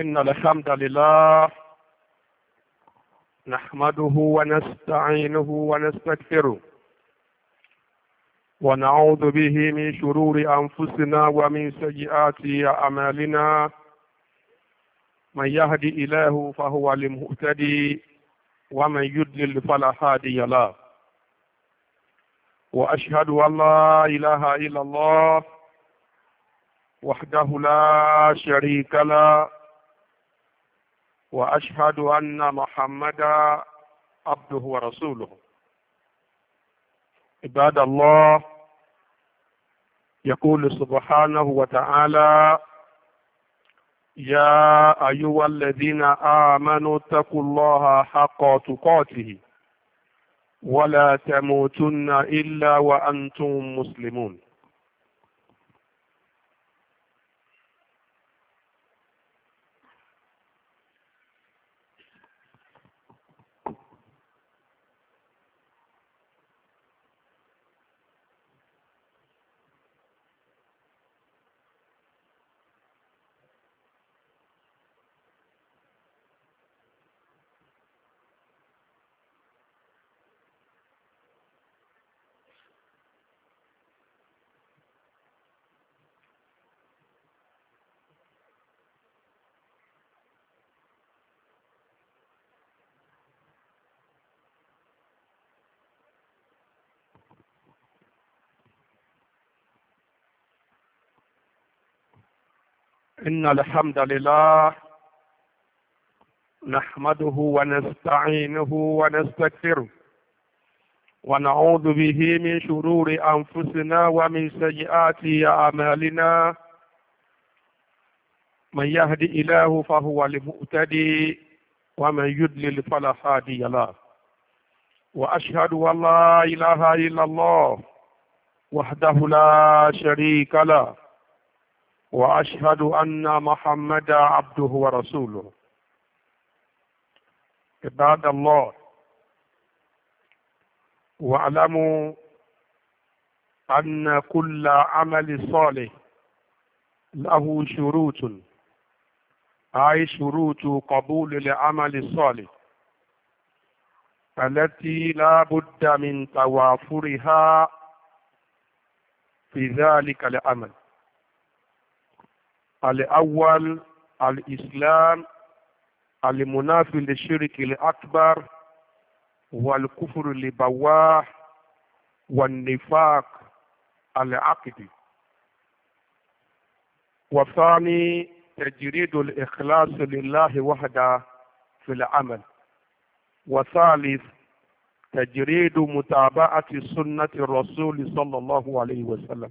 إن الحمد لله نحمده ونستعينه ونستغفره ونعوذ به من شرور أنفسنا ومن سيئات أعمالنا من يهدي إله فهو المهتدي ومن يدلل فلا هادي له وأشهد أن لا إله إلا الله وحده لا شريك له وأشهد أن محمدا عبده ورسوله عباد الله يقول سبحانه وتعالى يا أيها الذين آمنوا اتقوا الله حق تقاته ولا تموتن إلا وأنتم مسلمون إن الحمد لله نحمده ونستعينه ونستكفره ونعوذ به من شرور أنفسنا ومن سيئات أعمالنا من يهدي إله فهو المؤتدي ومن يدلل فلا هادي له وأشهد أن لا إله إلا الله وحده لا شريك له واشهد ان محمدا عبده ورسوله عباد الله واعلموا ان كل عمل صالح له شروط اي شروط قبول العمل الصالح التي لا بد من توافرها في ذلك العمل الأول الإسلام المنافي للشرك الأكبر والكفر البواح والنفاق العقدي وثاني تجريد الإخلاص لله وحده في العمل وثالث تجريد متابعة سنة الرسول صلى الله عليه وسلم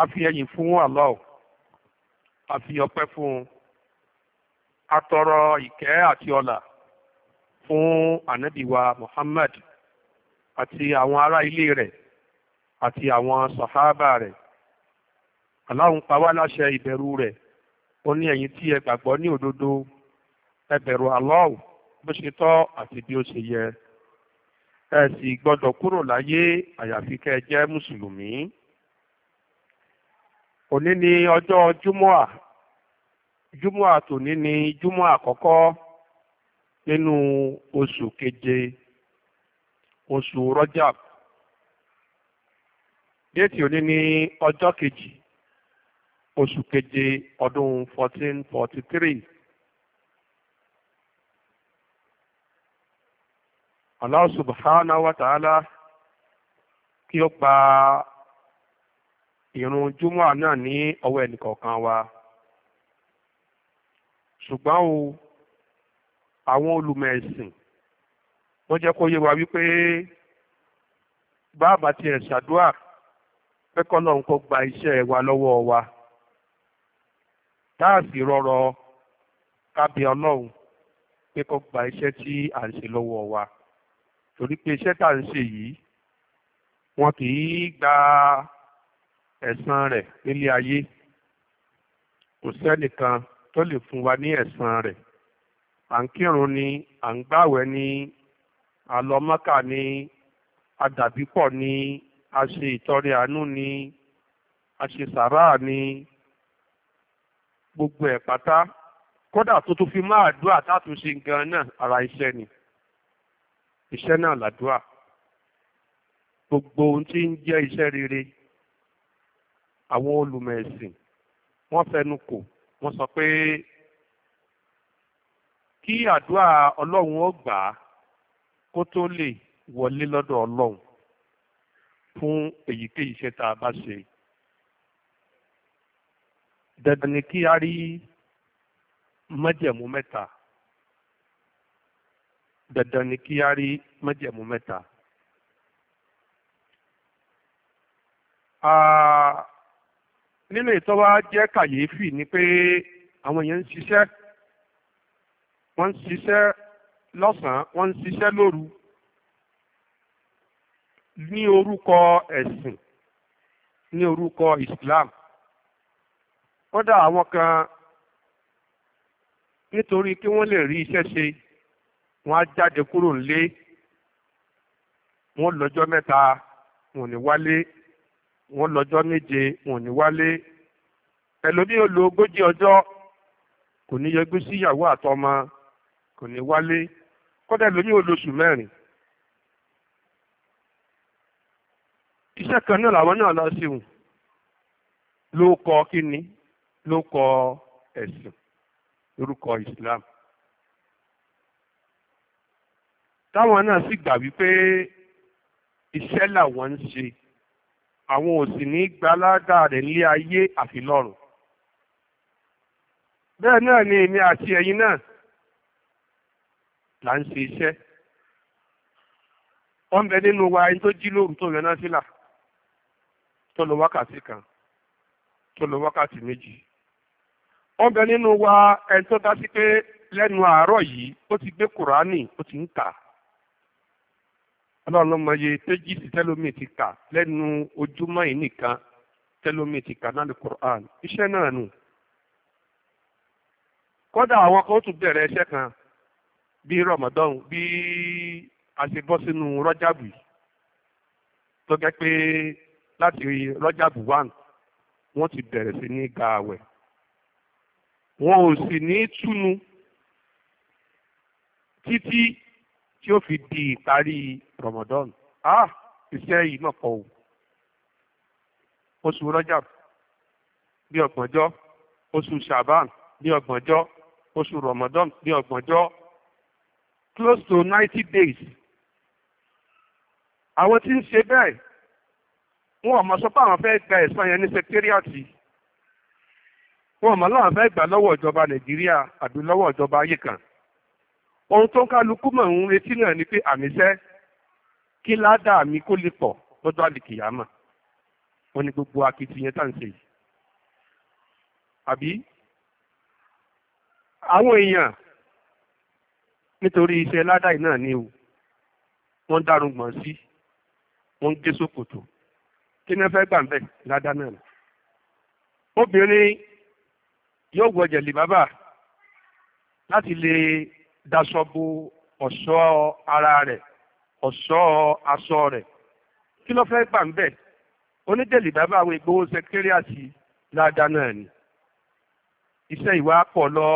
a fi ẹyìn fún Allah a fi ọpẹ́ fún un a tọrọ ìkẹ́ àti ọlà fún ànábìwa Muhammad àti àwọn ará ilé rẹ̀ àti àwọn sàhábà rẹ̀ aláhùn pa wá láṣẹ ìbẹ̀rù rẹ̀ ó ní ẹ̀yin tí ẹ gbàgbọ́ ní òdodo ẹ bẹ̀rù Allah bó ṣe tọ́ àti bí ó ṣe yẹ ẹ sì gbọ́dọ̀ kúrò láyé àyàfi kẹ́ ẹ mùsùlùmí. òní ni ọjọ́ júmọ́à júmọ́à tòní ni júmọ́ àkọ́kọ́ nínú oṣù keje oṣù rọ́jàb déètì òní ni ọjọ́ kejì oṣù keje ọdún fourteen forty three. Allah subhanahu wa kí ó pa ìrun júmọ́à náà ní ọwọ́ ẹnìkọ̀ọ̀kan wa ṣùgbọ́n o àwọn olùmọ̀ ẹ̀sìn wọ́n jẹ́ kó yé wa wípé báàbà ti ẹ̀ ṣàdúrà pé kọ́lọ́hún kó gba iṣẹ́ wa lọ́wọ́ wa tá a sì rọrọ kábí ọlọ́run pé kó gba iṣẹ́ tí à ń ṣe lọ́wọ́ wa torí pé iṣẹ́ tá à ń ṣe yìí wọn kì í gba ẹ̀san rẹ̀ nílé ayé kò sẹ́nìkan tó lè fún wa ní ẹ̀san rẹ̀ à ń kírun ni à ń gbàwẹ̀ ni à lọ Mọ́kà ni a ni a ṣe ìtọrẹ àánú ni a ṣe sàráà ni gbogbo ẹ̀ pátá kódà tó tún fi máa dúà tátúnṣe gan náà ara iṣẹ́ ni iṣẹ́ náà làdúà gbogbo ohun tí ń jẹ́ iṣẹ́ rere àwọn olùmọ̀ ẹ̀sìn wọ́n fẹnu kò wọ́n sọ pé kí àdúrà ọlọ́run ó gbà á kó tó lè wọlé lọ́dọ̀ ọlọ́run fún èyíkéyìí iṣẹ́ tá a bá ṣe dandan ni kí a rí májẹ̀mú mẹ́ta dandan ni kí a rí májẹ̀mú mẹ́ta. Ah, nínú ìtọ́ wa jẹ́ kàyéfì ni pé àwọn èèyàn ń ṣiṣẹ́ wọ́n ń ṣiṣẹ́ lọ́sàn-án wọ́n ń ṣiṣẹ́ lóru ní orúkọ ẹ̀sìn ní orúkọ Islam kódà àwọn kan nítorí kí wọ́n lè rí iṣẹ́ ṣe wọ́n á jáde kúrò nílé wọ́n lọ́jọ́ mẹ́ta wọ́n ní wálé wọ́n lọ́jọ́ méje wọn ò ní wálé ẹlòmíì ò lo ogójì ọjọ́ kò ní yọjú sí ìyàwó àtọmọ kò ní wálé kódà ẹlòmíì ò lóṣù mẹ́rin iṣẹ́ kan náà làwọn náà lọ síhùn ló kọ kíni ló kọ ẹ̀sìn lórúkọ Islam táwọn náà sì gbà wípé iṣẹ́ làwọn ń ṣe àwọn ò sì ní gbaládà rẹ̀ nílé ayé àfi lọ́run bẹ́ẹ̀ náà ni èmi àti ẹ̀yin náà là ń ṣe iṣẹ́ wọ́n bẹ nínú wa ẹni tó jí lóru tó yẹn náà sílà tó lò wákàtí kan tó lò wákàtí méjì wọ́n bẹ nínú wa ẹni tó dá sí pé lẹ́nu àárọ̀ yìí ó ti gbé kùránì ó ti ń kà á ọlọ́run ló mọye péjìsì tẹ́lómi ti kà lẹ́nu ojúmọ́ yìí nìkan tẹ́lómi ti kà náà ní Qur'an iṣẹ́ náà nù. kódà àwọn kan ó tún bẹ̀rẹ̀ iṣẹ́ kan bí Ramadan bí a ṣe bọ́ sínú rọ́jàbù yìí tó gẹ́ pé láti rọ́jàbù one wọ́n ti bẹ̀rẹ̀ sí ní gba àwẹ̀ wọn ò sì ní túnu títí tí ó fi di ìparí Ramadan ah iṣẹ́ yìí mọ̀ pọ̀ o oṣù Rajab bí ọgbọ̀njọ́ oṣù Shaban bí ọgbọ̀njọ́ oṣù Ramadan bí ọgbọ̀njọ́ close to ninety days àwọn tí ń ṣe bẹ́ẹ̀ wọn ò mọ̀ sọ pé àwọn fẹ́ gba ẹ̀san yẹn ní sẹkítẹ́rìàtì wọn ò mọ̀ láwọn fẹ́ gbà lọ́wọ́ ìjọba Nàìjíríà àbí lọ́wọ́ ìjọba ayé kan ohun tó ń kálukú mọ̀ ń retí náà ni pé àmísẹ́ kí ládàá mi kó lè pọ̀ lọ́jọ́ àlìkìyàmà wọ́n ní gbogbo akitiyan tá à ń ṣe yìí àbí àwọn èèyàn nítorí iṣẹ́ ládàá náà ni o wọ́n dárúgbọ̀n sí wọ́n gé sókòtò kí ni wọ́n fẹ́ gbà ń bẹ̀ náà ni obìnrin yóò gbọ́jẹ̀lì bàbá láti lè daṣọ bo ọ̀ṣọ́ ara rẹ̀ ọ̀ṣọ́ aṣọ rẹ̀ kí ló fẹ́ gbà ń bẹ̀ onídèlì bàbá àwọn ìgbowó sẹkírẹ́àtì ládàá náà ni iṣẹ́ ìwà pọ̀ lọ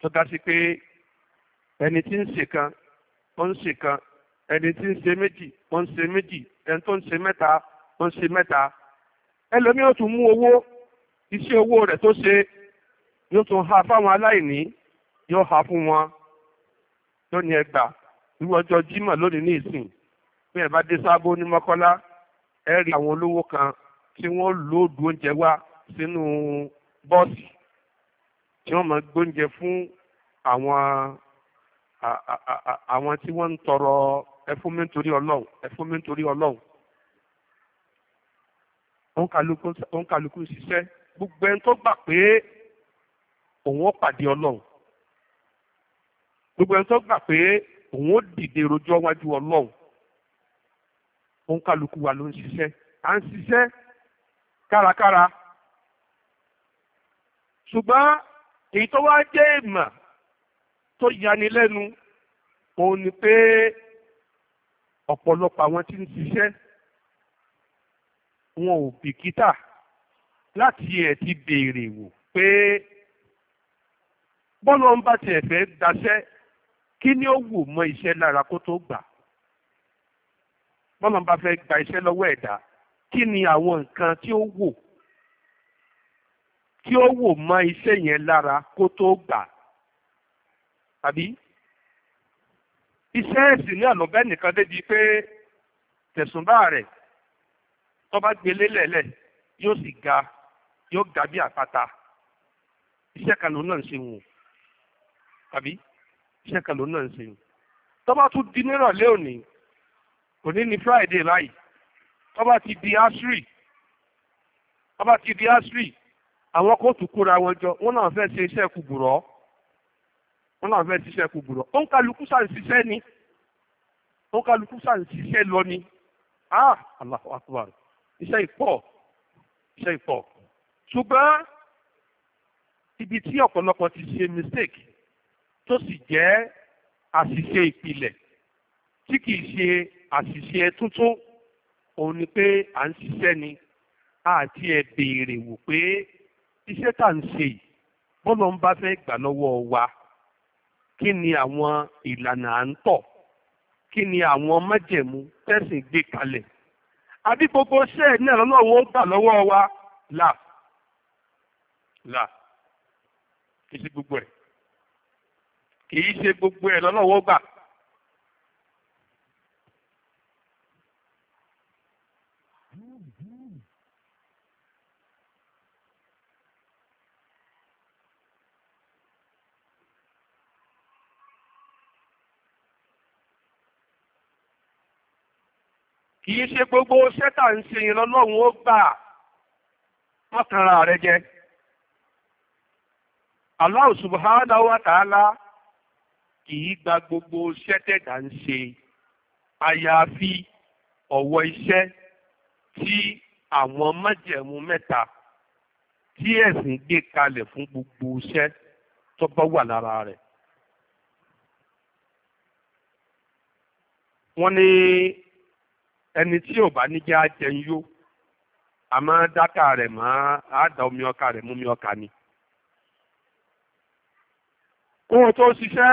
tọ́ka sí pé ẹni tí ń ṣe kan ó ń ṣe kan ẹni tí ń ṣe méjì ó ń ṣe méjì ẹni tó ń ṣe mẹ́ta ó ń ṣe mẹ́ta ẹlòmíràn tún mú owó iṣẹ́ owó rẹ̀ tó ṣe yóò tún ha fáwọn aláìní yóò ha fún wọn lónìí ẹgbà irú ọjọ́ jímọ̀ lónìí ní ìsìn bí ẹ bá dé sábó ní mọ́kọ́lá ẹ rí àwọn olówó kan tí wọ́n lóòdù oúnjẹ wá sínú bọ́ọ̀sì tí wọ́n máa gbóúnjẹ fún àwọn àwọn tí wọ́n ń tọrọ ẹ fún mi nítorí ọlọ́run ẹ fún mi nítorí ọlọ́run òun kàlùkù ṣiṣẹ́ gbogbo ẹni tó gbà pé òun ó pàdé ọlọ́run gbogbo ẹni tó gbà pé òun ó dìde rojọ́ wájú ọlọ́run òun kálukú wa ló ń ṣiṣẹ́ à ń ṣiṣẹ́ kárakára ṣùgbọ́n èyí tó wá jẹ́ ìmọ̀ tó yanilẹ́nu òun ni pé ọ̀pọ̀lọpọ̀ àwọn tí ń ṣiṣẹ́ wọn ò bìkítà láti ẹ̀ ti béèrè wò pé bọ́lọ́ ń tiẹ̀ fẹ́ daṣẹ́ kí ni ó wù mọ́ iṣẹ́ lára kó tó gbà bọ́lá bá fẹ́ gba iṣẹ́ lọ́wọ́ ẹ̀dá kí ni àwọn nǹkan tí ó wò tí ó wò mọ́ iṣẹ́ yẹn lára kó tó gbà àbí iṣẹ́ ẹ̀sìn ní ànàbẹ́ nìkan débi pé tẹ̀sùnbá rẹ̀ tó bá gbélé lẹ̀lẹ̀ yóò sì ga yóò ga bí àpáta iṣẹ́ kan lòun náà ń ṣe wò àbí iṣẹ́ kan lòun náà ń ṣe tó bá tún di nírọ̀lẹ́ òní òní ni friday báyìí tó bá ti di asri tó bá ti di asri àwọn kóòtù kóra wọn jọ wọn náà fẹ́ ṣe iṣẹ́ kúburọ́ wọn náà fẹ́ ṣiṣẹ́ kúburọ́ ó ń kálukú ṣàǹṣiṣẹ́ ni ó ń kálukú ṣàǹṣiṣẹ́ lọ ni ah Allahu akbar iṣẹ́ ìpọ̀ iṣẹ́ ìpọ̀ ṣùgbọ́n ibi tí ọ̀pọ̀lọpọ̀ ti ṣe mistake tó sì jẹ́ àṣìṣe ìpìlẹ̀ tí kìí ṣe àṣìṣe tuntun òun ni pé à ń ṣiṣẹ́ ni àti ẹ̀ béèrè wò pé iṣẹ́ tá à ń ṣe yìí bọ́lọ̀ ń bá fẹ́ gbà lọ́wọ́ wa kí ni àwọn ìlànà à ń tọ̀ kí ni àwọn májẹ̀mú tẹ̀sìn gbé kalẹ̀ àbí gbogbo iṣẹ́ ẹ̀ náà lọ́wọ́ gbà lọ́wọ́ wa là là kì í ṣe gbogbo ẹ̀ kìí ṣe gbogbo ẹ̀ lọ́lọ́wọ́ gbà. kìí ṣe gbogbo ṣẹ́tà ń ṣe yẹn lọ́lọ́run ó gbà mọ́kànlá rẹ jẹ. Allah subhanahu wa ta'ala kì í gba gbogbo iṣẹ́ tẹ̀dá ń ṣe àyàfi ọ̀wọ́ iṣẹ́ tí àwọn májẹ̀mú mẹ́ta tí ẹ̀sìn gbé kalẹ̀ fún gbogbo iṣẹ́ tó bá wà lára rẹ̀. wọ́n ní ẹni tí ò bá níjẹ́ ajẹun yó àmọ́ dáká rẹ̀ mọ́ àádá omi ọkà rẹ̀ mú mi ọkà ni. kó tó ṣiṣẹ́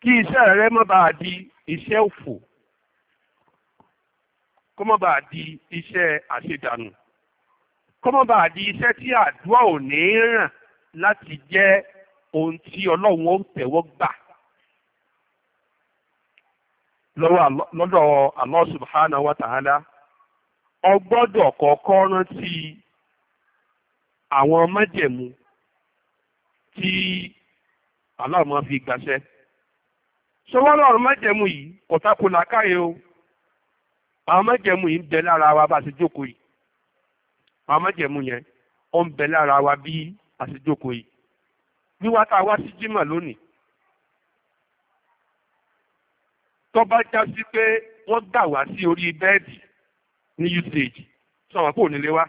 kí iṣẹ́ rẹ má bàa di iṣẹ́ òfò kó má bàa di iṣẹ́ àṣedànù kó má bàa di iṣẹ́ tí àdúrà ò ní ràn láti jẹ́ ohun tí ọlọ́run ó tẹ̀wọ́ gbà lọ́dọ̀ Allah subhanahu wa ta'ala o gbọ́dọ̀ rántí àwọn májẹ̀mú tí Allah fi gbàṣẹ́. sọwọ́n ọ̀rọ̀ májẹ̀mú yìí kò tako o àwọn májẹ̀mú yìí ń bẹ lára wa bá a ṣe jókòó yìí àwọn májẹ̀mú yẹn ó ń bẹ lára wa bí a ṣe jókòó yìí wíwá tá a wá sí jímọ̀ lónìí tó já sí pé wọ́n gbà wá sí orí bẹ́ẹ̀dì ní usage sọ̀rọ̀ kò nílé wá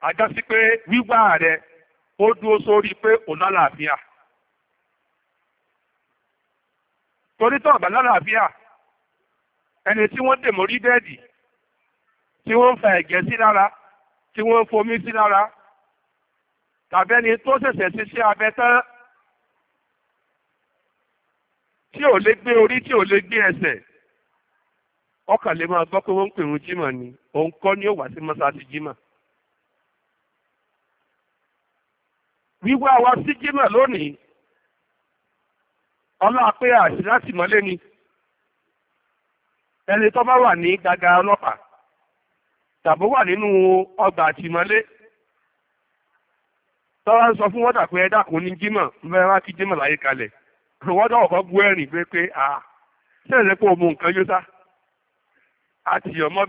a já sí pé wíwá rẹ̀ ó dúró sórí pé òun torí tó ọ̀bà lálàáfíà ẹni tí wọ́n dè mórí bẹ́ẹ̀dì tí wọ́n fa ẹ̀gẹ́ sí lára tí wọ́n fomi sí lára tàbí ẹni tó ṣẹ̀ṣẹ̀ sí sí abẹ tán tí ò lè gbé orí tí ò lè gbé ẹsẹ̀ ọkàn lè máa gbọ́ pé wọ́n ń pè ń jímọ̀ ni òun kọ́ ni ó wà sí mọ́sáàsì jímọ̀. wíwá wa sí jímọ̀ lónìí ọlọ́pàá pé àṣì láti mọ́lé ni ẹni tó bá wà ní gbàgà ọlọ́pàá tàbó wà nínú ọgbà tọ́wọ́ ń sọ fún wọ́dà pé ẹ ní jímọ̀ mẹ́rin kí jímọ̀ láyé kalẹ̀ ẹ̀rìn pé pé à nǹkan àti ọmọ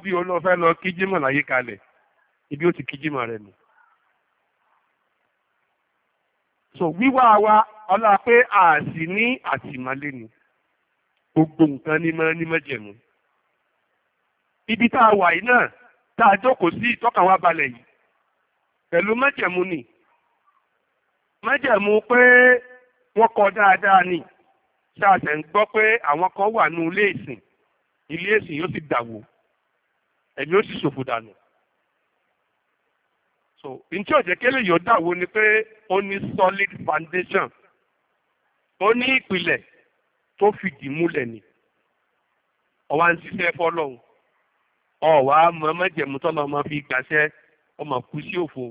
lọ kí jímọ̀ láyé kalẹ̀ ibi ó ti kí jímọ̀ rẹ̀ nù. so wíwá wa ọlá pé a ní àtìmọ́lé ni gbogbo nǹkan ní mọ́ ní mọ́jẹ̀mú ibi tá a wà yìí náà tá a jókòó sí ìtọ́ka wa balẹ̀ yìí pẹ̀lú mọ́jẹ̀mú ni mọ́jẹ̀mú pé wọ́n kọ dáadáa ni ṣáàṣẹ̀ ń gbọ́ pé àwọn kan wà ní ilé ìsìn ilé ìsìn yóò sì dàwó ẹ̀mí ó sì ṣòfò dànù so ntí ó jẹ́ kélé yóò dàwó ni pé ó ní solid foundation ó ní ìpìlẹ̀ tó fìdí múlẹ̀ ni ọwá ń ṣiṣẹ́ fọlọ́hún ọwá mọ mẹ́jẹ̀mú tọ́lọ́ ọmọ fi gbàṣẹ́ ọmọ kú sí òfò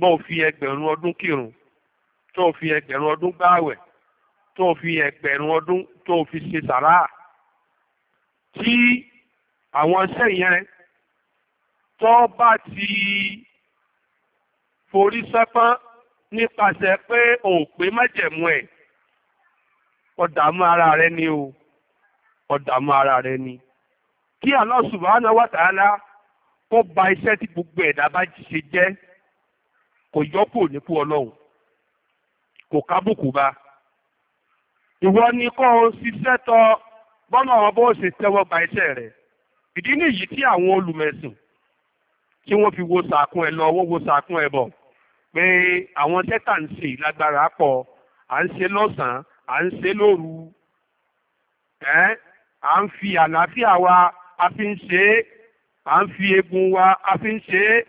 bó fi ẹgbẹ̀rún ọdún kírun tó fi ẹgbẹ̀rún ọdún gbáwẹ̀ tó fi ẹgbẹ̀rún ọdún tó fi ṣe sàrà tí àwọn iṣẹ́ yẹn tó bá ti forí sápán nípasẹ̀ pé ò pé májẹ̀mú ẹ̀ ọ̀dààmú ara rẹ ni o ọ̀dààmú ara rẹ ni kí Allah subhanahu wa ta'ala kó ba iṣẹ́ tí gbogbo ẹ̀dá bá ṣe jẹ́ kò yọkù nípò ọlọ́run kò kábùkù bá ìwọ ni kó o ṣiṣẹ́ tọ bọ́nà ọmọ bó ṣe tẹ́wọ́ gba iṣẹ́ rẹ̀ ìdí nìyí tí àwọn olùmẹ̀sìn tí wọ́n fi wo sàkún ẹ̀ lọ wọ́n wo sàkún ẹ̀ bọ̀ pé àwọn tẹ́tà ń ṣe lágbára pọ̀ à ń ṣe lọ́sàn-án à ń ṣe lóru ẹ́ à ń fi àlàáfíà wa a fi ń ṣe é à ń fi egun wa a fi ń ṣe é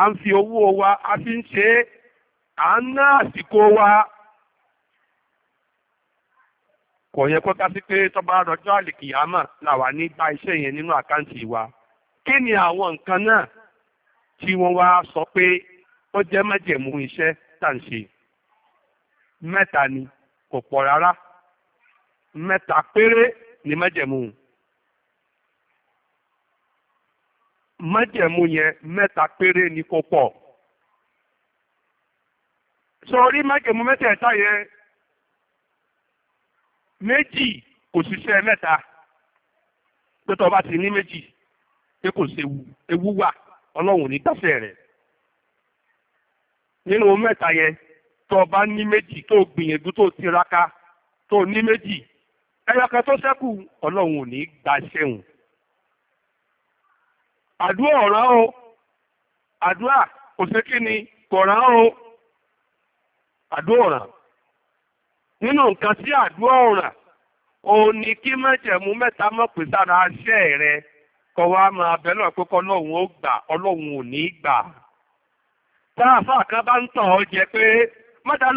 à ń fi owó wa a fi ń ṣe é à ń ná àsìkò wa kò yẹ kó ká sí pé tọ́ba rọjọ́ àlìkìyàmọ̀ làwa ní bá iṣẹ́ yẹn nínú àkáǹtì wa kí ni àwọn nǹkan náà tí wọ́n wá sọ pé ó jẹ́ májẹ̀mú iṣẹ́ tá ń ṣe mẹ́ta ni kò pọ̀ rárá mẹ́ta péré ni májẹ̀mú májẹ̀mú yẹn mẹ́ta péré ni kò pọ̀ sọrí májẹ̀mú mẹ́tẹ̀ẹ̀ta yẹn méjì kò ṣiṣẹ́ mẹ́ta pé bá ti ní méjì pé kò séwu ewu wà. ọlọ́run ò ní gbàṣẹ rẹ̀ nínú mẹ́ta yẹ tó bá ní méjì tó gbìyànjú tó tiraka tó ní méjì ẹyọkan tó sẹ́kù ọlọ́run ní gbàṣẹ hùn àdúrà ọ̀ràn o àdúrà kò sí kí ni kọ̀ọ̀ràn o àdúrà nínú nǹkan sí àdúrà òun ni kí mẹ́jẹ̀mú mẹ́ta mọ̀ pé sára aṣẹ́ rẹ̀ kọwa wa máa bẹ̀ lọ́ọ̀ pé kọ́ ó gbà ọlọ́hùn ò ní gbà. tá kan bá ń tàn ọ́ jẹ pé mọ́ta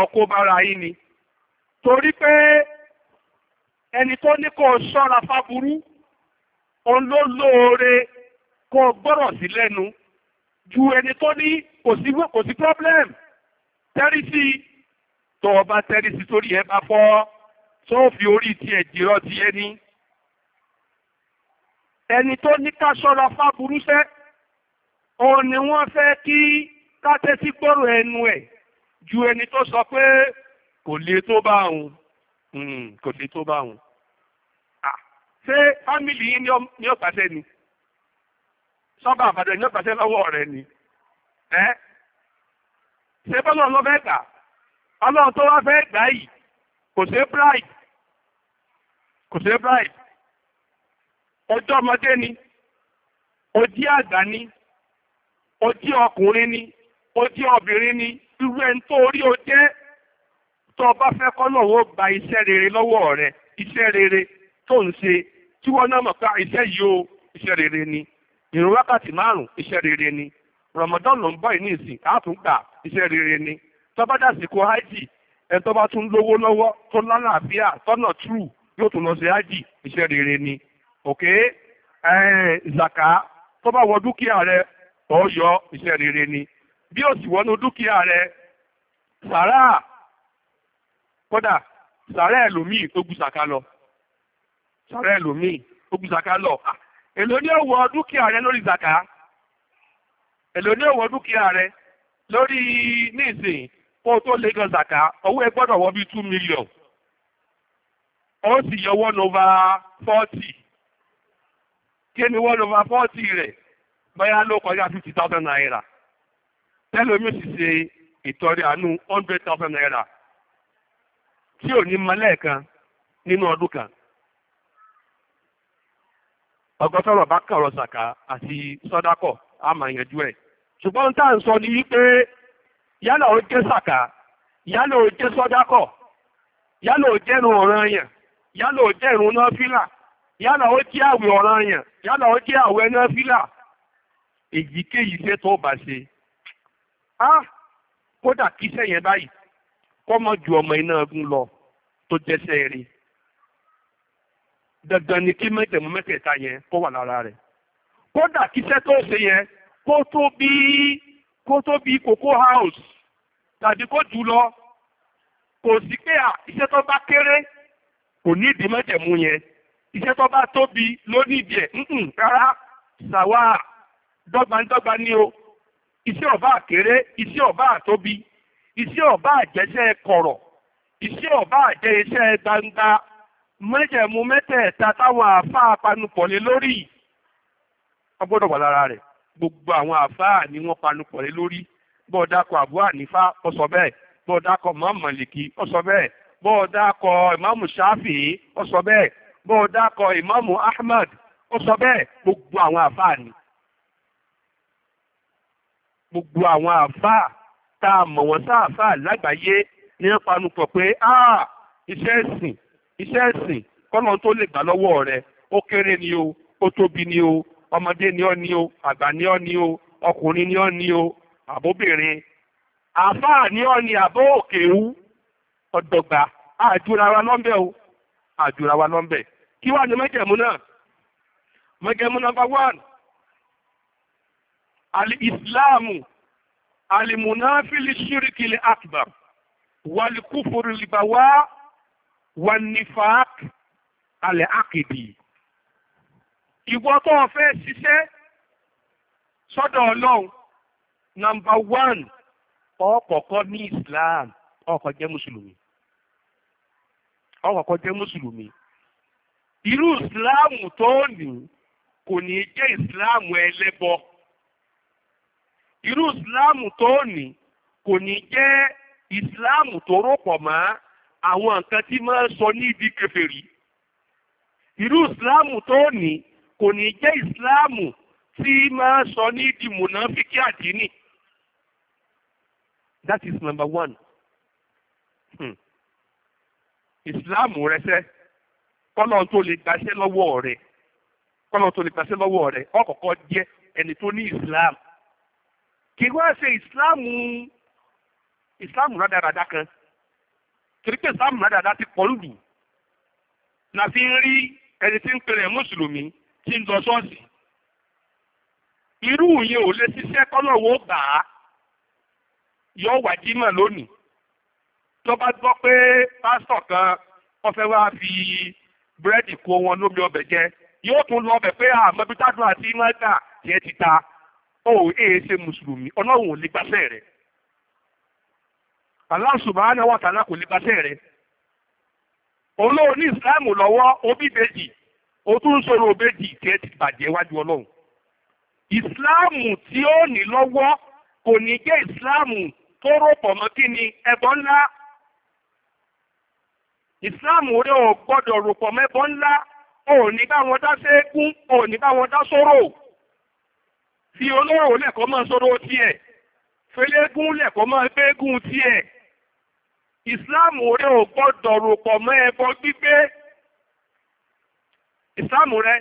ó torí pé ẹni tó ní kó ṣọ́ra fáburú gbọ́rọ̀ sí lẹ́nu ju ẹni tó ní kò sí problem tẹ́rí sí tọ́ ọba tẹ́rí sí torí bá fọ́ tó fi orí tiẹ̀ dìrọ̀ ti ẹni ẹni tó ní ká ṣọ́ra fáburúṣẹ́ òun ni wọ́n fẹ́ kí ká tẹ́tí gbọ́rọ̀ ẹnu ẹ̀ ju ẹni tó sọ pé kò lè tó bá òun hmm, kò lè tó bá òun ṣé fámìlì yín ni ó pàṣẹ ni sọ́bà àbàdàn ni ó pàṣẹ lọ́wọ́ rẹ̀ ni ẹ́ ṣé bọ́lọ̀ ló fẹ́ gbà ọlọ́run tó wá fẹ́ gbà yìí kò ṣe bright kò sí bribe ọjọ́ ọmọdé ni ojí àgbà ni ojí ọkùnrin ni ojí obìnrin ni irú ẹni tó orí o jẹ́ tó bá fẹ́ kọ́ lọ́wọ́ gba iṣẹ́ rere lọ́wọ́ rẹ iṣẹ́ rere tó ń ṣe tí wọ́n náà mọ̀ pé ah, iṣẹ́ yìí o iṣẹ́ rere ni ìrun wákàtí márùn iṣẹ́ rere ni Ramadan ló ń bọ̀ ní ìsìn àtúngbà iṣẹ́ rere ni tó bá dàsìkò tó bá tún lówó lọ́wọ́ tó lálàáfíà tọ́nà true yóò tún lọ sí ájì iṣẹ́ rere ni òkè zaka tó bá wọ dúkìá rẹ ó yọ iṣẹ́ rere ni bí ó sì wọnú dúkìá rẹ sàrà kódà sàrà ẹlòmíì tó gùn zaka lọ sàrà ẹlòmíì tó gùn zaka lọ ah, èlò ní òwò dúkìá rẹ lórí zaka èlò ní òwò dúkìá rẹ lórí nísìnyí kó o tó lé gan zaka owó ẹ gbọ́dọ̀ wọ bí two million. ó sì yọ one over forty kí ni one over forty rẹ̀ bóyá ló kọjá fifty thousand naira tẹ́lómi sì ṣe ìtọ́rẹ àánú hundred thousand naira tí ò ní malẹ́ẹ̀kan nínú ọdún kan ọgọ́tọ̀rọ̀ bá kàrọ̀ sàkà àti sọ́dákọ̀ á máa yanjú ẹ̀ ṣùgbọ́n tá à ń sọ ni wípé yálà ó jẹ́ sàkà yálà ó jẹ́ sọ́dákọ̀ yálà ó jẹ́nu ọ̀ranyàn yálà ó jẹ́ ìrun náà fílà yálà ó jẹ́ àwẹ̀ ọ̀ranyàn yálà ó jẹ́ àwẹ̀ náà fílà èyíkéyìí iṣẹ́ tó bá ṣe á kódà kíṣẹ́ yẹn báyìí kọ́mọ ju ọmọ iná ogun lọ tó jẹ́sẹ̀ rí dandan ni kí mẹ́tẹ̀mú mẹ́tẹ̀ẹ̀ta yẹn kó wà lára rẹ̀ kódà kíṣẹ́ tó ṣe yẹn kó tó bí kó tó bí kókó house tàbí kó jù lọ kò sí pé à iṣẹ́ tó bá kéré kò ní ìdí mọ́jẹ̀mú yẹn iṣẹ́ tó bá tóbi ló ìdí ẹ̀ rárá sàwà dọ́gbandọ́gba ni o iṣẹ́ ọ̀bá àkéré iṣẹ́ ọ̀bá àtóbi iṣẹ́ ọ̀bá àjẹṣẹ́ kọ̀rọ̀ iṣẹ́ ọ̀bá iṣẹ́ gbangba mọ́jẹ̀mú mẹ́tẹ̀ẹ̀ta táwọn àáfàá panupọ̀ lórí ọgbọ́dọ̀ wà lára rẹ̀ gbogbo àwọn àáfàá ni wọ́n panupọ̀ lórí bọ́ọ̀dà kọ àbúrò ànífà bẹ́ẹ̀ bọ́ọ̀dá kọ ìmáàmù ṣáfì ó sọ bẹ́ẹ̀ bọ́ọ̀dá kọ ìmáàmù ahmad ó sọ bẹ́ẹ̀ gbogbo àwọn àfáà ni gbogbo àwọn àfáà tá a mọ̀ wọ́n sáàfáà lágbàáyé ní wọ́n panupọ̀ pé ah, iṣẹ́ ẹ̀sìn iṣẹ́ ẹ̀sìn kọ́nà tó lè gbà lọ́wọ́ rẹ̀ ó kéré ni o ó tóbi ni o ọmọdé ni ọ́ ni o àgbà ni ọ́ ni o ọkùnrin ni ọ́ ni o àbóbìnrin àfáà ni ọ́ ni àbó òkèwú. ọ̀dọ̀gba àjùra wa lọ́mbẹ̀ o àjùra wa lọ́mbẹ̀ kí wàá ní mẹ́jẹ̀mú náà mẹ́jẹ̀mú nọ́mbà one alìsíláàmù alìmùnáfílì ṣíríkìlì akbar wàlìkúfòrò ìbáwá wànífàák alẹ́ àkèdè ìwọ tó o fẹ́ ṣiṣẹ́ sọ́dọ̀ ọlọ́run nọ́mbà one ọ̀kọ̀ọ̀kan ní islam ọ̀kọ̀ jẹ́ mùsùlùmí ọkọ̀ọ̀kan jẹ́ mùsùlùmí irú ìsìláàmù tó ní kò ní jẹ́ ìsìláàmù ẹlẹ́bọ irú ìsìláàmù tó ní kò ní jẹ́ ìsìláàmù tó rọ̀pọ̀ mọ́ àwọn nǹkan tí máa sọ ní ibi kèfèrí irú ìsìláàmù tó ní kò ní jẹ́ ìsìláàmù tí máa sọ ní ibi mùnàfíkì àdínì that is number one. ìsìláàmù rẹ sẹ́ kọ́lọ́n tó lè gbaṣẹ́ lọ́wọ́ rẹ tó lè rẹ ẹni tó ní ìsìláàmù kì í wá ṣe ìsìláàmù ìsìláàmù kan torí ìsìláàmù ti pọ̀ lùdù fi ń rí ẹni tí ń pèrè mùsùlùmí tí ń lọ irú tó bá gbọ́ pé pásítọ̀ kan wọ́n fẹ́ wá fi búrẹ́dì kó wọn lómi ọbẹ̀ jẹ yóò tún lọ ọbẹ̀ pé àmọ́ bí àti mẹ́ta tiẹ̀ ti ta ó èé ṣe mùsùlùmí ọlọ́run ò lè gbàṣẹ́ rẹ̀ Allah subhanahu wa ta'ala kò lè gbàṣẹ́ rẹ̀ olóòní ìsìláàmù lọ́wọ́ obìbejì ó tún sọ̀rọ̀ obèjì tiẹ̀ ti bàjẹ́ wájú ọlọ́run ìsìláàmù tí ó ní lọ́wọ́ kò ní jẹ́ ìsìláàmù tó rò pọ̀ mọ́ kí ni ẹbọ ńlá ìsìláàmù orí ò gbọ́dọ̀ ròpọ̀ mẹ́bọ ńlá ò ní bá wọn dá séégún ò ní bá wọn dá sóró fi olóró lẹ́kọ̀ọ́ máa sóró tiẹ̀ fẹlẹ́gún lẹ́kọ̀ọ́ máa gbégún tiẹ̀ ìsìláàmù orí ò gbọ́dọ̀ ròpọ̀ mẹ́bọ gbígbé ìsìláàmù rẹ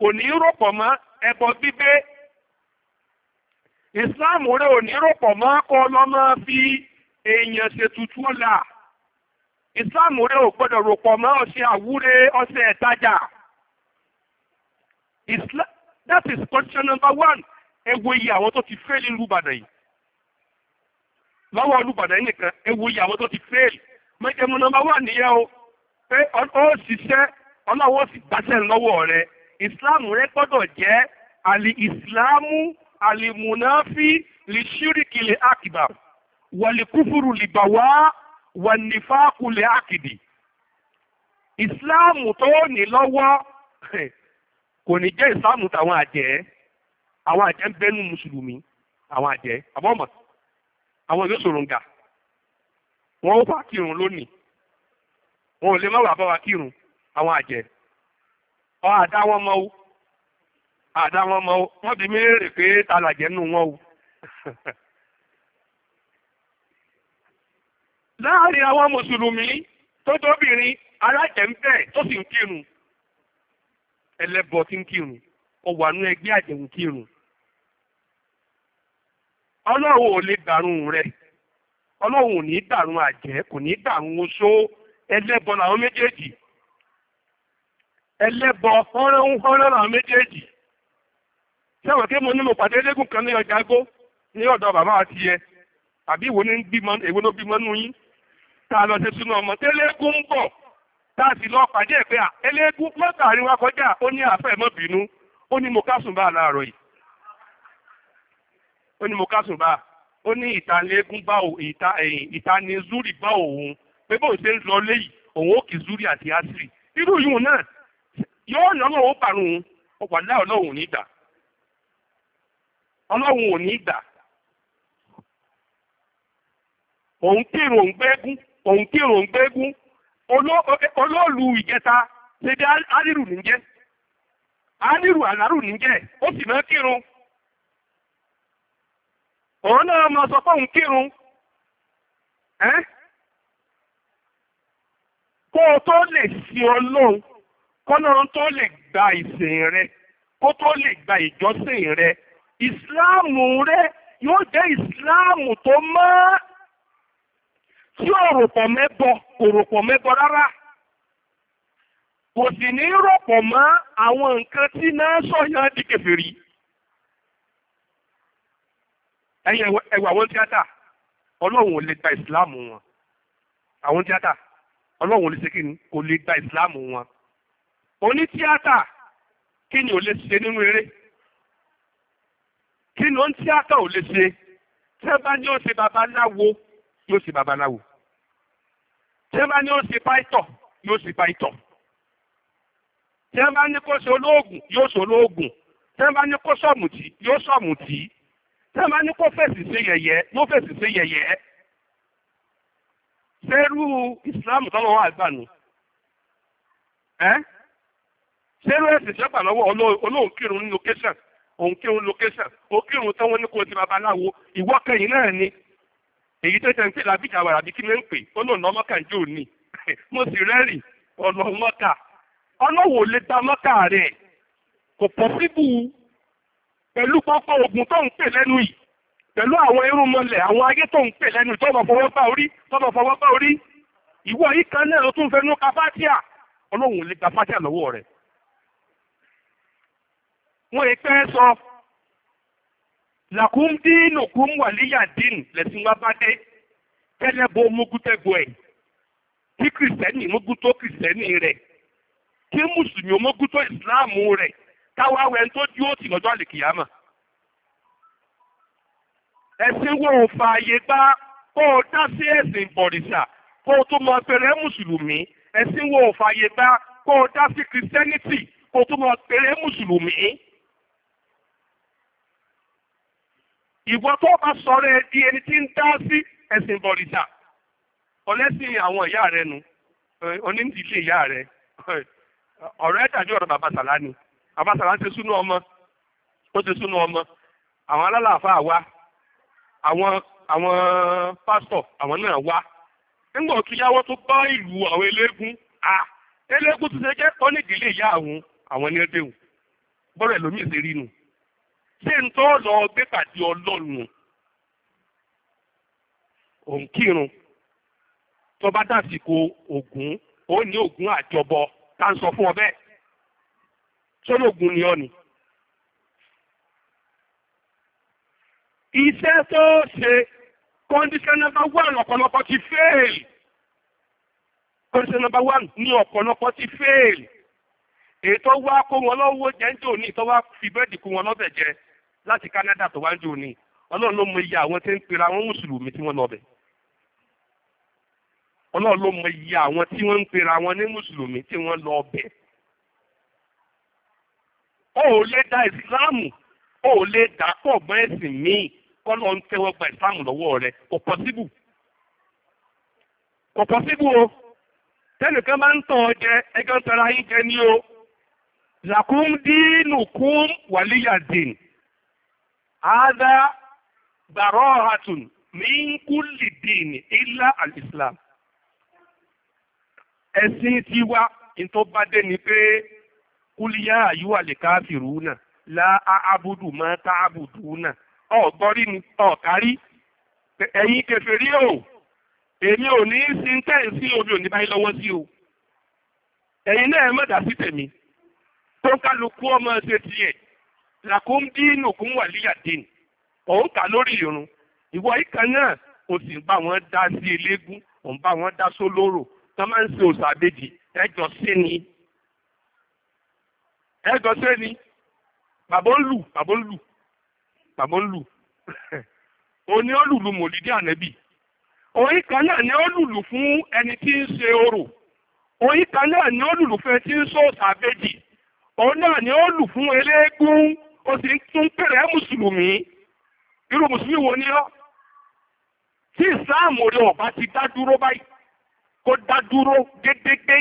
kò ní ròpọ̀ mọ́ ẹbọ gbígbé ìsìláàmù rẹ ò ní ròpọ̀ mọ́ kọ́ lọ́mọ́ fi èèyàn ṣètùtù ọ̀la ìsìláàmù rẹ ò gbọ́dọ̀ rò pọ̀ mọ́ ọṣẹ àwúre ọṣẹ ìtajà that is question number one ẹ wo iye àwọn tó ti fẹ́ẹ̀lì lùbàdàn yìí lọ́wọ́ olùbàdàn nìkan ẹ wo iye àwọn tó ti fẹ́ẹ̀lì mẹ́jẹ̀mú number one nìyẹn o pé ó ṣiṣẹ́ ọlọ́wọ́ sì gbàṣẹ́ lọ́wọ́ rẹ ìsìláàmù rẹ gbọ́dọ̀ jẹ́ àlì ìsìláàmù àlì mùnáfí lè ṣíríkì lè àkìbà wọ̀lẹ̀ kúfùrù lè bà wá wà nífàkùlẹ̀ àkìdì ìsìláàmù tó ní lọ́wọ́ kò ní jẹ́ ìsìláàmù tàwọn àjẹ́ àwọn àjẹ́ ń bẹ́nu mùsùlùmí àwọn àjẹ́ àbọ̀mọ̀ àwọn yóò sọ̀rọ̀ ǹgà wọn ó wá kírun lónìí wọn ò lè má wà bá wa kírun àwọn àjẹ́ ọ àdá wọn mọ́ o àdá wọn mọ́ o wọ́n bí mi léèrè pé ta làjẹ́ nù wọn o. láàrin àwọn mùsùlùmí tó tóbìnrin alájẹ̀ ń tó sì ń kírun ẹlẹ́bọ tí ń kírun ó wà nú ẹgbẹ́ àjẹ̀wò kírun ọlọ́run ò lè dàrún rẹ̀ ọlọ́run ò ní dàrún àjẹ́ kò ní dàrún oṣó ẹlẹ́bọ làwọn méjèèjì ẹlẹ́bọ hánrán hánrán làwọn méjèèjì sẹ́wọ̀n kí mo ní mo pàdé eléégún kan ní ọjà gbó ní ọ̀dọ̀ bàbá àti ẹ àbí ìwo ní bímọ èwo ló bímọ nú yín ta lọ ṣe súnú ọmọ tẹ́lẹ́gún ń bọ̀ láti lọ pàdé à wa kọjá ó ní àfẹ́ mọ́ bínú ó ní mo kásùn bá láàárọ̀ yìí ó ní mo kásùn bá ó ní ìtàlẹ́gún bá ìtàní zúrì bá òun pé bóun ṣe ń lọ léyìí òun ó kì zúrì àti irú yìí náà òun kí òun gbégún olóòlù ìjẹta ṣebí ánírù níjẹ́ ánírù àlárù níjẹ́ ó sì máa kírun òun náà máa sọ pé kírun kó o tó lè sí kọ́nà gba ìsìn rẹ kó gba ìjọsìn rẹ ìsìláàmù rẹ yóò jẹ́ ìsìláàmù tó máa tí òròpọ̀ mẹ́bọ òròpọ̀ mẹ́bọ rárá kò sì ní rọ̀pọ̀ mọ́ àwọn nǹkan tí náà sọ̀yàn di kèfèrí ẹ̀yìn ẹ̀wà àwọn tíátà ọlọ́run ò lè gba ìsìláàmù wọn àwọn tíátà ọlọ́run lè ṣe kò lè gba ìsìláàmù wọn oní tíátà kí ni ò lè ṣe nínú eré kí ni ó ń tíátà ò lè ṣe tí ẹ bá ní ó ṣe babaláwo yóò ṣe babaláwo tí wọ́n bá ní ó ṣe pàìtọ̀ yóò ṣe pàìtọ̀ tí wọ́n bá ní kó ṣe olóògùn yóò ṣe olóògùn tí wọ́n bá ní kó ṣọ̀mùtì yóò ṣọ̀mùtì tí wọ́n bá ní kó fèsì sí yẹ̀yẹ́ yóò fèsì sí yẹ̀yẹ́ sẹ́rú ìsìláàmù tọ́lọ́ wà gbà nù ẹ́ sẹ́rú ẹ̀sìn sẹ́gbà lọ́wọ́ olóhùn kírun ní location òun kírun location òun kírun tọ́wọ́ ní kó ti babaláwo ìwọ́kẹyìn náà ni èyí tó tẹ̀ ń pè lábìjà wàrà bí kí ló ń pè ó lòun lọ mọ́kà jò ní mo sì rẹ́rìn ọ̀nà mọ́kà ọlọ́wọ́ lè ta mọ́kà rẹ̀ kò pọ̀ síbù pẹ̀lú gbogbo oògùn tó ń pè lẹ́nu yìí pẹ̀lú àwọn irúnmọlẹ̀ àwọn ayé tó ń pè lẹ́nu tọ́bọ̀ fọwọ́ bá orí tọ́bọ̀ fọwọ́ bá orí ìwọ yìí kan náà ló tún fẹnu ka fátíà ọlọ́run lè gba fátíà lọ́wọ́ rẹ̀ wọ́n ì pẹ́ sọ làkún dínù kún wàlíyà dínù lẹ́sìn wá bá dé tẹ́lẹ̀bọ mógútẹ́gbọ ẹ̀ kí kìrìsìtẹ́nì mógútó kìrìsìtẹ́nì rẹ̀ kí mùsùlùmí mógútó ìsìláàmù rẹ̀ táwa wẹ̀ tó dí ó tì lọ́jọ́ àlèkìyàmà. ẹ̀sìn wo ò fààyè gbá kó o dá sí ẹ̀sìn bọ̀rìṣà kó o tó mọ pẹrẹ mùsùlùmí ẹ̀sìn wo ò fààyè gbá kó o dá sí kìrìsìtẹ́nìtì kó o tó mọ pẹrẹ mùsùlùmí. ìwọ tó bá sọ̀rọ̀ ẹ di ẹni tí ń dá sí ẹ̀sìn bọ̀rìṣà ọlẹ́sìn àwọn ìyá rẹ nu onídìílé ìyá rẹ ọ̀rọ̀ ẹ̀ dàbí ọ̀rọ̀ bàbá sàlá ni bàbá sàlá ti súnú ọmọ ó ti súnú ọmọ àwọn alálàáfà wa àwọn àwọn pásítọ̀ àwọn náà wá nígbà tó yáwọ́ tó bá ìlú àwọn eléégún a eléégún tó ṣe jẹ́ onídìílé ìyá àwọn àwọn ní ẹdẹ́hùn bọ́rọ̀ ẹlòmíì ṣe rí nù ṣé ń tọ́ lọ gbé pàdé ọlọ́run òun kírun tó bá dàsìkò ògún ó ní ògún àjọbọ tá ń sọ fún ọ bẹ́ẹ̀ sólógún ni ọ ni. iṣẹ́ tó ṣe condition number one ọ̀pọ̀lọpọ̀ ti fail condition number one ní ọ̀pọ̀lọpọ̀ ti fail èyí tó wá kó wọn lọ́wọ́ jẹ́ ń jò ní ìtọ́wá fi bẹ́ẹ̀dì kó wọn lọ́bẹ̀ jẹ́ láti Canada tó wá ń jò ní ọlọ́run ló mọ iye àwọn tí ń pera wọn mùsùlùmí tí wọ́n lọ bẹ̀ ọlọ́run ló mọ iye àwọn tí wọ́n ń pera wọn ní mùsùlùmí tí wọ́n lọ bẹ̀ ó ò lè da ìsìláàmù ó ò lè dà pọ̀ mọ́ ẹ̀sìn míì kọ́lọ́ ń tẹ́wọ́ gba ìsìláàmù lọ́wọ́ rẹ̀ kò pọ́síbù kò pọ́síbù o tẹ́nìkan bá ń tàn ọ ẹgbẹ́ ń yín jẹ ní o làkúndínlùkún wàlíyàdìn hádá bàrọ́hàtùn min kulli dín illa al-islam ẹ̀sìn tiwa tó bá dé ni pé kúlíyà àyúwà lè káfìrú náà láàbùdù máa táàbùdù náà ọ̀gbọ́rí ni ọ̀kárí ẹ̀yin kèfèrí o èmi ò ní sí ń tẹ̀sí omi lọ́wọ́ sí o ẹ̀yin náà mọ̀dà sí tèmi tó kálukú ọmọ ṣe tiẹ̀ làkún dínú kún wà líyà dín òun kà lórí irun ìwọ ìkan náà o sì ń bá wọn dá sí eléégún o bá wọn dá sólóró tó máa ń ṣe òṣàbejì ẹjọ sí ni ẹjọ sí ni bàbá ń lù bàbá ń lù bàbá ń lù òní ó lùlù mòlídé ànẹ́bì oyin kan náà ni ó lùlù fún ẹni tí ń ṣe orò oyin kan náà ni ó fún ẹni tí ń ṣòṣàbejì òun náà ni ó fún eléégún ó sì tún pẹ̀rẹ̀ mùsùlùmí irú mùsùlùmí wo ní ọ́ tí ìsáàmù rẹ̀ ọ̀bá ti dá dúró báyìí kó dá dúró gédégbé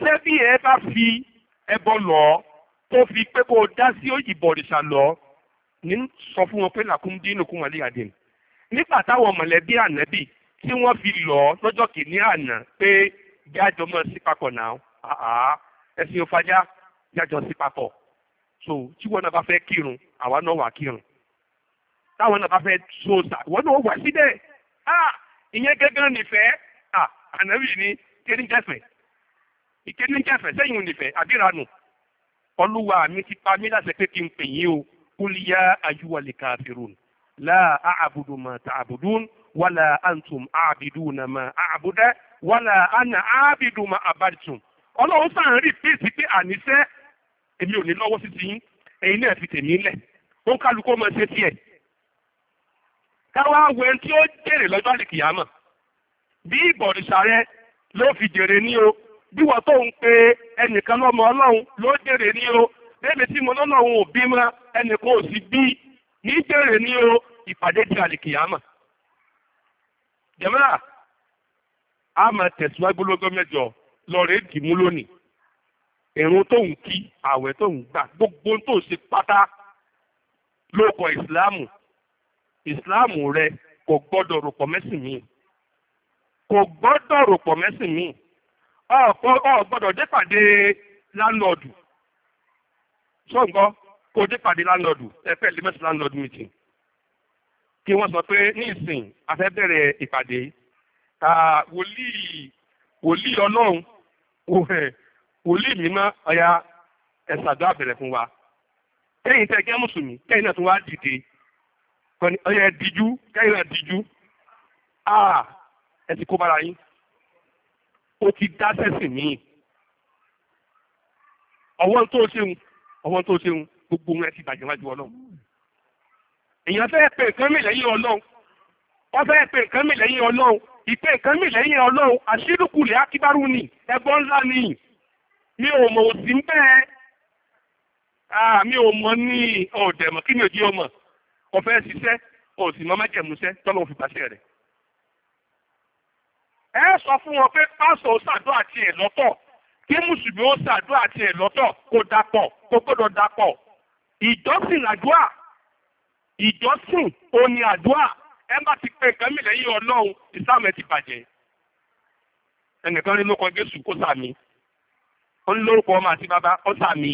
tẹ́bí ẹ bá fi ẹbọ lọ tó fi pé kó dá sí òyìnbó òrìṣà lọ ní sọ fún wọn pé làkúndínú kún wọlé àdéhùn nígbà táwọn mọ̀lẹ́bí ànábì tí wọ́n fi lọ lọ́jọ́ kìíní àná pé jájọ mọ́ sí papọ̀ náà ẹ̀sìn òfajá jájọ sí papọ̀ so tí wọn náà bá fẹ́ kírun àwa náà wà kírun táwọn náà bá fẹ́ so sà wọn náà wà síbẹ̀ ah ìyẹn gẹ́gẹ́ nìfẹ́ ah ànábì ni kéde jẹ́fẹ̀ ìkéde jẹ́fẹ̀ sẹ́yìn nìfẹ́ àbírànù olúwa mi ti pa mí láti pé kí n pè yín o kúlíyà ayúwalè káfírùn láà àbùdù mà tà àbùdùn wàlà àǹtùm àbìdùn mà àbùdẹ wàlà àna àbìdùn mà àbàdìtùm ọlọ́run sàn rí pèsè pé àníṣẹ́ èmi ò ní lọ́wọ́ sí ti yín ẹ̀yin náà fi tèmi lẹ̀ ó ń kálukó máa ṣe tiẹ̀ káwá wẹ tí ó jèrè lọ́jọ́ àlìkìyàmọ̀ bí ìbọ̀rìṣà ló fi jèrè ní o bí wọ́n tó ń pe ẹnìkan lọ́mọ ọlọ́run ló jèrè ní o débi tí mo lọ́nà òun ò bí mọ́ ẹnìkan ò sì bí ní jèrè ní o ìpàdé di àlìkìyàmọ̀ jẹ́mọ́ra a máa tẹ̀síwájú lọ́gọ́ mẹ́jọ lọ́ọ̀rẹ́ dìmú lónìí ìrun tó ń kí àwẹ̀ tó ń gbà gbogbo tó ń ṣe pátá lóko ìsìláàmù ìsìláàmù rẹ kò gbọ́dọ̀ ròpọ̀ mẹ́sìn mi kò gbọ́dọ̀ ròpọ̀ mẹ́sìn mi ọ̀ gbọ́dọ̀ dépàdé láńlọ́ọ̀dù ṣọ́ǹgọ́ kò dépàdé láńlọ́ọ̀dù ẹ̀fẹ́ lẹ́mẹ́sì láńlọ́ọ̀dù meeting kí wọ́n sọ pé ní ìsìn afẹ́bẹ̀rẹ̀ ìpàdé wòlíì wòlíì ọlọ́run wòlíì mímọ́ ọ̀yà ẹ̀sàdó àbẹ̀rẹ̀ fún wa kẹ́yìn tẹ́ jẹ́ mùsùlùmí kẹ́yìn náà tún wá dìde kọ́ni ọ̀yà ẹ̀dìjú kẹ́yìn náà dìjú a ẹ ti kó bára yín ó ti dá sẹ́sìn míì ọwọ́ tó ṣeun ọwọ́ tó ṣeun gbogbo wọn ti bàjẹ́ wájú ọlọ́run èèyàn fẹ́ pè nǹkan mi lẹ́yìn ọlọ́run wọ́n fẹ́ pè nǹkan mi lẹ́yìn ọlọ́run ìpè nǹkan mi lẹ́yìn ọlọ́run àṣírùkù lè ákíbárù ni ẹgbọ́n ńlá ni mi ò mọ̀ òsì ń bẹ́ẹ̀ mi ò mọ̀ ní ọ̀dẹ̀mọ̀ kí ni òjì ọmọ ọ̀fẹ́ ṣiṣẹ́ òsì mọ́ májẹ̀múṣẹ́ tọ́lọ́ fi pàṣẹ rẹ̀ ẹ sọ fún wọn pé pásọ̀ ṣàdó àti ẹ̀ lọ́tọ̀ kí mùsùlùmí ó ṣàdó àti ẹ̀ lọ́tọ̀ kó dapọ̀ kó gbọ́dọ̀ dapọ̀ ìjọsìn àdúrà ìjọsìn ó ní àdúrà ẹ bá ti pé nǹkan mi lẹ́yìn ọlọ́run ìsáàmù ẹ ti bàjẹ́ ẹnìkan rí ló kọ Jésù kó sàmì ó ní lórúkọ ọmọ àti bàbá ó sàmì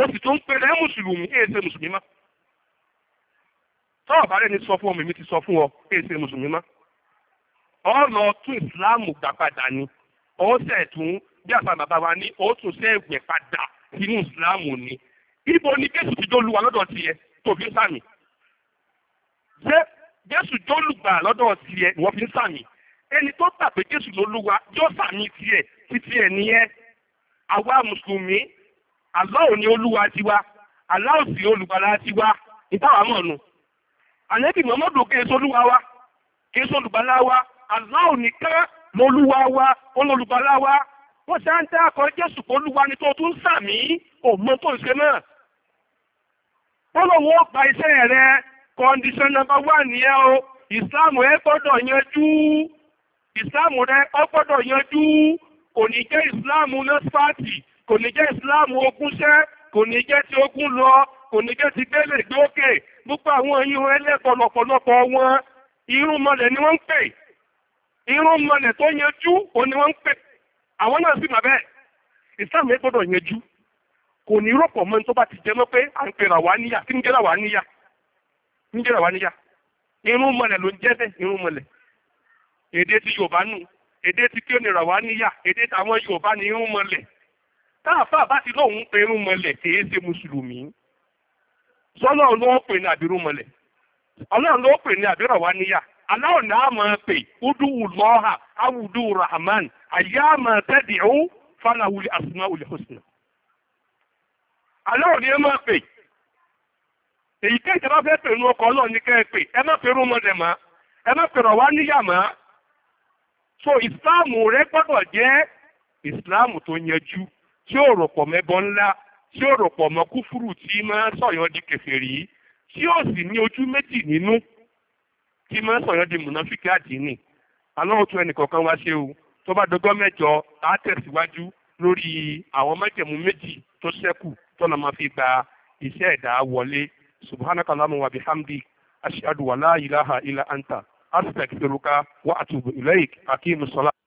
ó sì tún pèrè mùsùlùmí èyí mùsùlùmí mọ́ tọ́wọ́ bá rẹ̀ ní sọ fún ọmọ mi ti sọ fún ọ èyí ṣe mùsùlùmí mọ́ ọ lọ tún ìsìláàmù gbà padà ni ó ṣẹ̀ tún bí àfa bàbá wa ní ó tún ṣe ẹ̀gbẹ̀ padà sínú ìsìláàmù ni ibo ni Jésù ti dó luwa lọ́dọ̀ tiẹ̀ tó fi ń sàmì ṣé Jésù jólùgbà lọ́dọ̀ tiẹ̀ ìwọ fi ń sàmì ẹni tó tàpé Jésù lólúwa yóò sàmì tiẹ̀ títí ẹ̀ nìyẹn àwa mùsùlùmí Allah ni olúwa tiwa Allah sì olùgbàlà tiwa ìtawà mọ̀ nù ànẹ́bì mọ́mọ́dù kéèso olúwa wa kéèso olùgbàlà wa Allah nìkan lolúwa wa olùgbàlà wa wọ́n ṣe ń dá akọ jésù olúwa ni tó tún sàmì òmò tó ń ṣe náà bọ́lọ̀wọ́ gba iṣẹ́ rẹ condition number one ni ẹ o ìsìláàmù ẹ gbọ́dọ̀ yanjú ìsìláàmù rẹ ọ gbọ́dọ̀ yanjú kò ní jẹ́ ìsìláàmù nọ́sípàtì kò ní jẹ́ ìsìláàmù ogúnṣẹ́ kò ní jẹ́ ti ogún lọ kò ní jẹ́ ti gbélé gbókè gbogbo àwọn ẹ̀yìn ẹlẹ́kọ̀ọ́ lọ̀pọ̀lọpọ̀ wọn irun mọlẹ̀ ni wọ́n ń pè irun mọlẹ̀ tó yanjú òun ni wọ́n ń pè àwọn náà sì mà bẹ́ẹ̀ ìsìláàmù ẹ gbọ́dọ̀ yanjú kò ní rọ̀pọ̀ mọ́ tó bá ti jẹ́ mọ́ pé à ń pè rà wá níyà kí ń jẹ́ rà wá níyà ń jẹ́ rà wá níyà irun mọlẹ̀ ló ń jẹ́ bẹ́ẹ̀ irun mọlẹ̀ èdè ti Yorùbá nù èdè tí kí ó nira wá níyà èdè àwọn Yorùbá ni irun mọlẹ̀ táàfà bá ti lóun pe irun mọlẹ kìí ṣe mùsùlùmí sọlọ ló ń pè ní àbírú mọlẹ̀ Ọlọ́run ló ń pè ní àbírọ wá níyà aláwọ rahman àyà máa tẹdí ó fanawuli wuli aláwọ ẹ máa pè pè ní ọkọ ní pè ẹ má irun so ìsìláàmù rẹ gbọdọ jẹ́ ìsìláàmù tó yanjú tí ó rò pọ̀ mẹ́bọ ńlá tí ó rò pọ̀ kúfúrú tí máa sọ̀yàn di si tí ó sì ní ojú méjì nínú tí máa sọ̀yàn di mùnáfíkì àdínì alóòtú ẹnìkọ̀ọ̀kan wá ṣe o tó bá dọgọ́ mẹ́jọ á tẹ̀síwájú lórí àwọn májẹ̀mú méjì tó ṣẹ́kù máa fi gba iṣẹ́ ẹ̀dá wọlé wa bihamdi anta astaghfiruka wa atubu ilaik akimu salat